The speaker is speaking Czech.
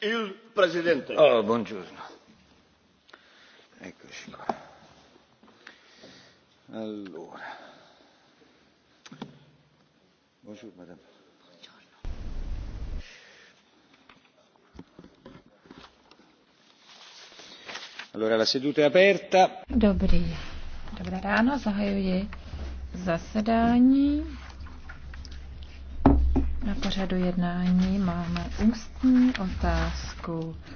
Il presidente. Oh, buongiorno. Allora. la seduta è aperta. Dobrý. Dobré ráno, zahajuji zasedání pořadu jednání máme ústní otázku.